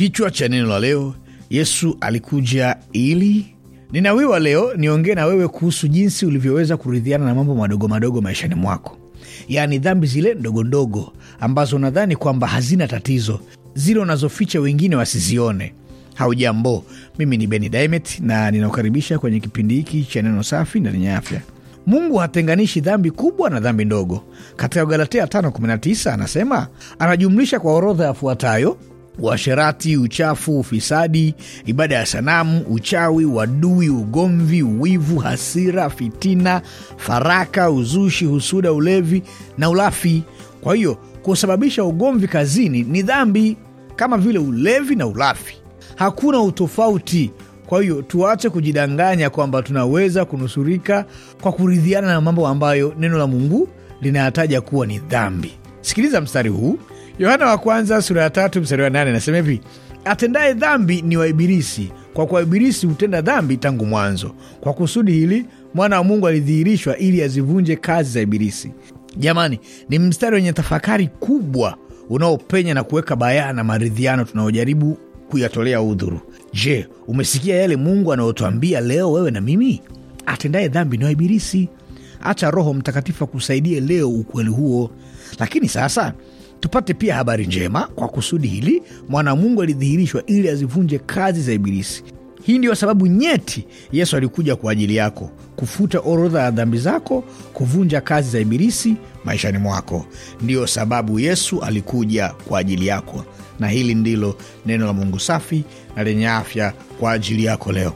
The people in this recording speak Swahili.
Kichwa cha neno la leo, Yesu alikuja ili. Ninawiwa leo niongee na wewe kuhusu jinsi ulivyoweza kuridhiana na mambo madogo madogo maishani mwako, yaani dhambi zile ndogo ndogo ambazo unadhani kwamba hazina tatizo, zile unazoficha wengine wasizione. Haujambo, mimi ni Beni Dimet na ninakukaribisha kwenye kipindi hiki cha neno safi na lenye afya. Mungu hatenganishi dhambi kubwa na dhambi ndogo. Katika Galatia 5:19 anasema, anajumlisha kwa orodha yafuatayo: uasherati, uchafu, ufisadi, ibada ya sanamu, uchawi, wadui, ugomvi, uwivu, hasira, fitina, faraka, uzushi, husuda, ulevi na ulafi. Kwa hiyo kusababisha ugomvi kazini ni dhambi kama vile ulevi na ulafi, hakuna utofauti. Kwa hiyo tuache kujidanganya kwamba tunaweza kunusurika kwa kuridhiana na mambo ambayo neno la Mungu linayataja kuwa ni dhambi. Sikiliza mstari huu Yohana wa kwanza sura ya tatu mstari wa nane nasema hivi, atendaye dhambi ni Ibilisi, kwa kuwa ibilisi hutenda dhambi tangu mwanzo. Kwa kusudi hili mwana wa Mungu alidhihirishwa ili azivunje kazi za ibilisi. Jamani, ni mstari wenye tafakari kubwa unaopenya na kuweka bayana maridhiano tunaojaribu kuyatolea udhuru. Je, umesikia yale Mungu anayotwambia leo wewe na mimi? Atendaye dhambi ni Ibilisi. Acha Roho Mtakatifu akusaidie leo ukweli huo. Lakini sasa Tupate pia habari njema. Kwa kusudi hili mwanamungu alidhihirishwa ili azivunje kazi za Ibilisi. Hii ndiyo sababu nyeti Yesu alikuja kwa ajili yako, kufuta orodha ya dhambi zako, kuvunja kazi za Ibilisi maishani mwako. Ndiyo sababu Yesu alikuja kwa ajili yako, na hili ndilo neno la Mungu safi na lenye afya kwa ajili yako leo.